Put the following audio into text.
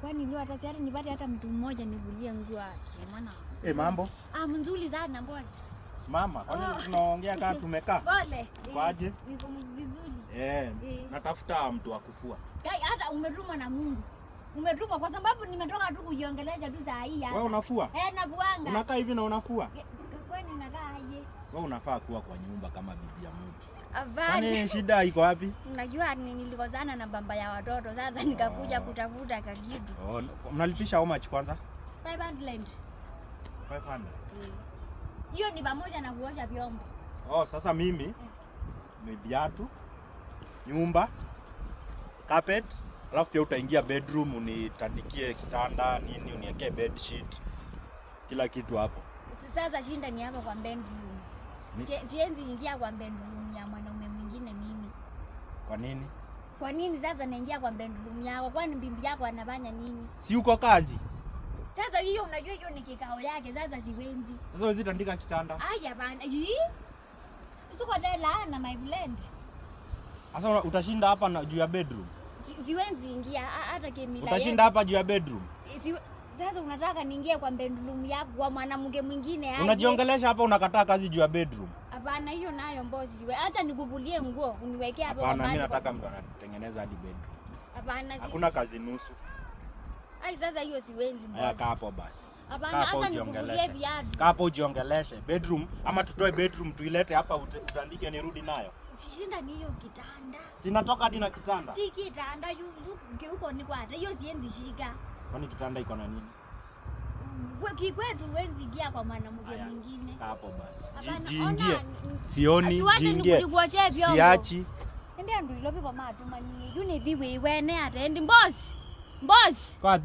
Kwani leo hata siari nipate hata mtu mmoja nivulie nguo yake mwana. Eh, mambo? Ah, mzuri sana mbozi. Simama, kwani oh. Tunaongea kama tumekaa. Pole. Kwaje? Niko vizuri. Eh, eh. Natafuta mtu wa kufua. Kai hata umeruma na Mungu. Umeruma kwa sababu nimetoka tu kujiongelesha tu saa hii hapa. Wewe unafua? Eh, nafuanga. Unakaa hivi na unafua? Eh, kwani nakaa wewe unafaa kuwa kwa nyumba kama bibi ya mtu. Kwani shida iko wapi? Unajua nilikozana na baba ya watoto sasa, nikakuja oh. kutafuta kagidi. Oh, mnalipisha homa much kwanza? 500. 500. Mm. Hiyo ni pamoja na kuosha vyombo. Oh, sasa mimi eh. ni viatu, nyumba, carpet, alafu pia utaingia bedroom unitandikie kitanda nini, uniwekee bed sheet, kila kitu hapo. Sasa shinda ni hapo kwa bedroom sienzi ingia kwa bedroom ya mwanaume mwingine mimi. Kwa nini? Kwa nini sasa naingia kwa bedroom yako? Kwani bibi yako anafanya nini? Si uko kazi? Sasa hiyo unajua hiyo ni kikao yake, sasa siwenzi. Sasa wewe tandika kitanda. Aya bana. Uko dela na my blend. Sasa utashinda hapa juu ya bedroom. Siwenzi ingia hata kimila. Utashinda hapa juu ya bedroom. Si, sasa unataka niingie kwa bedroom yako kwa mwanamke mwingine aje? Unajiongelesha hapa, unakataa kazi juu ya bedroom. Hapana, hiyo nayo mbosi wewe. Acha nikuvulie nguo uniwekee hapo. Hapana, mimi nataka mtu anatengeneza hadi bedroom. Hapana, sisi. Hakuna kazi nusu. Ai, sasa hiyo siwezi mbosi. Haya, kaa hapo basi. Hapana, acha nikuvulie viatu. Kaa hapo ujiongeleshe bedroom ama tutoe bedroom tuilete hapa utandike nirudi nayo. Sishinda ni hiyo kitanda. Sinatoka hadi na kitanda. Ti kitanda yuko ni kwa hiyo sienzi shika. Kwani kitanda iko na nini? Kikwetu wenzi ingia kwa mwanamke mwingine. Hapo basi. Jiingie. Mm, Sioni jiingie. Siachi. Ndio ndio lobi kwa matu manyinyi. Yuni thiwe iwene atendi mbosi. Mbosi. Kwa